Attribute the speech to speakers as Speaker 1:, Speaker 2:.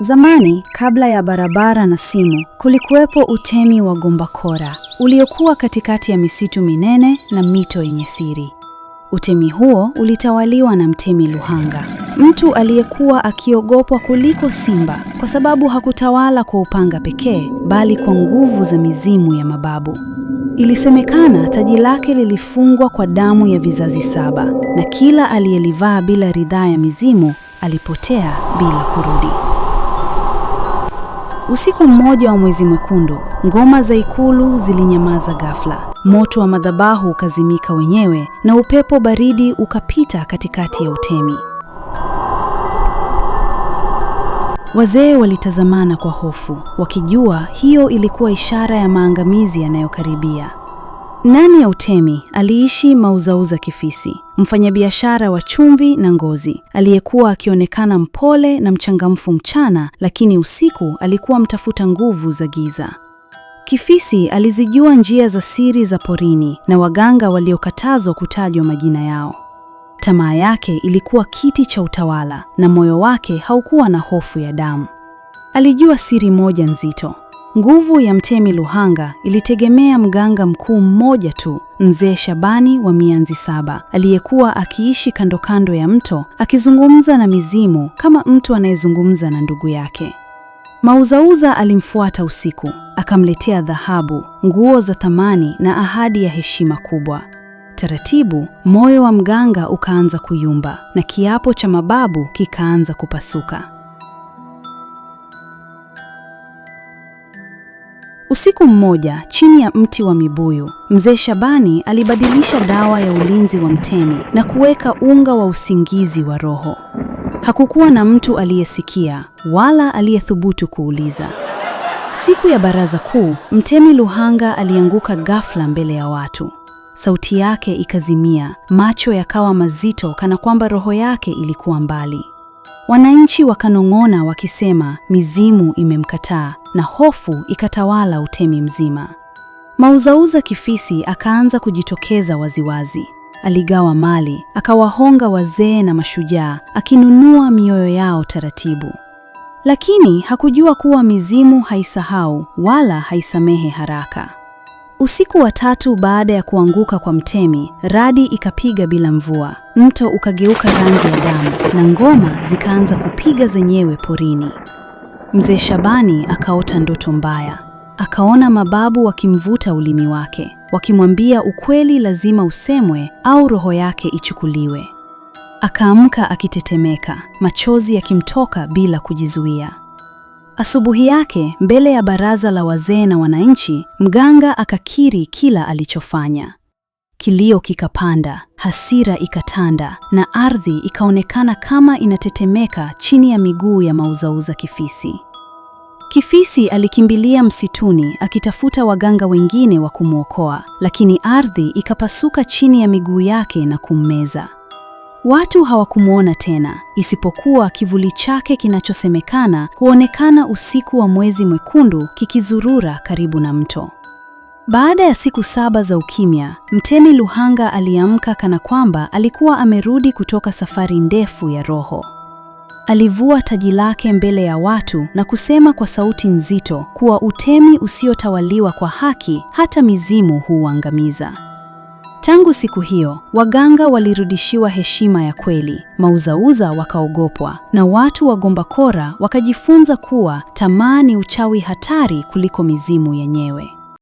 Speaker 1: Zamani, kabla ya barabara na simu, kulikuwepo utemi wa gombakora uliokuwa katikati ya misitu minene na mito yenye siri. Utemi huo ulitawaliwa na mtemi Luhanga, mtu aliyekuwa akiogopwa kuliko simba kwa sababu hakutawala kwa upanga pekee, bali kwa nguvu za mizimu ya mababu. Ilisemekana taji lake lilifungwa kwa damu ya vizazi saba, na kila aliyelivaa bila ridhaa ya mizimu alipotea bila kurudi. Usiku mmoja wa mwezi mwekundu, ngoma za ikulu zilinyamaza ghafla. Moto wa madhabahu ukazimika wenyewe na upepo baridi ukapita katikati ya utemi. Wazee walitazamana kwa hofu, wakijua hiyo ilikuwa ishara ya maangamizi yanayokaribia. Nani ya Utemi aliishi mauzauza Kifisi, mfanyabiashara wa chumvi na ngozi aliyekuwa akionekana mpole na mchangamfu mchana, lakini usiku alikuwa mtafuta nguvu za giza. Kifisi alizijua njia za siri za porini na waganga waliokatazwa kutajwa majina yao. Tamaa yake ilikuwa kiti cha utawala na moyo wake haukuwa na hofu ya damu. Alijua siri moja nzito. Nguvu ya mtemi Luhanga ilitegemea mganga mkuu mmoja tu, mzee Shabani wa mianzi saba, aliyekuwa akiishi kando kando ya mto, akizungumza na mizimu kama mtu anayezungumza na ndugu yake. Mauzauza alimfuata usiku, akamletea dhahabu, nguo za thamani na ahadi ya heshima kubwa. Taratibu moyo wa mganga ukaanza kuyumba na kiapo cha mababu kikaanza kupasuka. Usiku mmoja, chini ya mti wa mibuyu, mzee Shabani alibadilisha dawa ya ulinzi wa mtemi na kuweka unga wa usingizi wa roho. Hakukuwa na mtu aliyesikia wala aliyethubutu kuuliza. Siku ya baraza kuu, mtemi Luhanga alianguka ghafla mbele ya watu. Sauti yake ikazimia, macho yakawa mazito kana kwamba roho yake ilikuwa mbali. Wananchi wakanong'ona wakisema mizimu imemkataa na hofu ikatawala Utemi mzima. Mauzauza Kifisi akaanza kujitokeza waziwazi. Aligawa mali, akawahonga wazee na mashujaa, akinunua mioyo yao taratibu. Lakini hakujua kuwa mizimu haisahau wala haisamehe haraka. Usiku wa tatu baada ya kuanguka kwa mtemi, radi ikapiga bila mvua. Mto ukageuka rangi ya damu na ngoma zikaanza kupiga zenyewe porini. Mzee Shabani akaota ndoto mbaya. Akaona mababu wakimvuta ulimi wake, wakimwambia ukweli lazima usemwe au roho yake ichukuliwe. Akaamka akitetemeka, machozi yakimtoka bila kujizuia. Asubuhi yake mbele ya baraza la wazee na wananchi, mganga akakiri kila alichofanya. Kilio kikapanda, hasira ikatanda, na ardhi ikaonekana kama inatetemeka chini ya miguu ya mauzauza Kifisi. Kifisi alikimbilia msituni akitafuta waganga wengine wa kumwokoa, lakini ardhi ikapasuka chini ya miguu yake na kummeza. Watu hawakumwona tena, isipokuwa kivuli chake kinachosemekana huonekana usiku wa mwezi mwekundu kikizurura karibu na mto. Baada ya siku saba za ukimya, Mtemi Luhanga aliamka kana kwamba alikuwa amerudi kutoka safari ndefu ya roho. Alivua taji lake mbele ya watu na kusema kwa sauti nzito kuwa utemi usiotawaliwa kwa haki hata mizimu huuangamiza. Tangu siku hiyo, waganga walirudishiwa heshima ya kweli, mauzauza wakaogopwa, na watu wa Gombakora wakajifunza kuwa tamaa ni uchawi hatari kuliko mizimu yenyewe.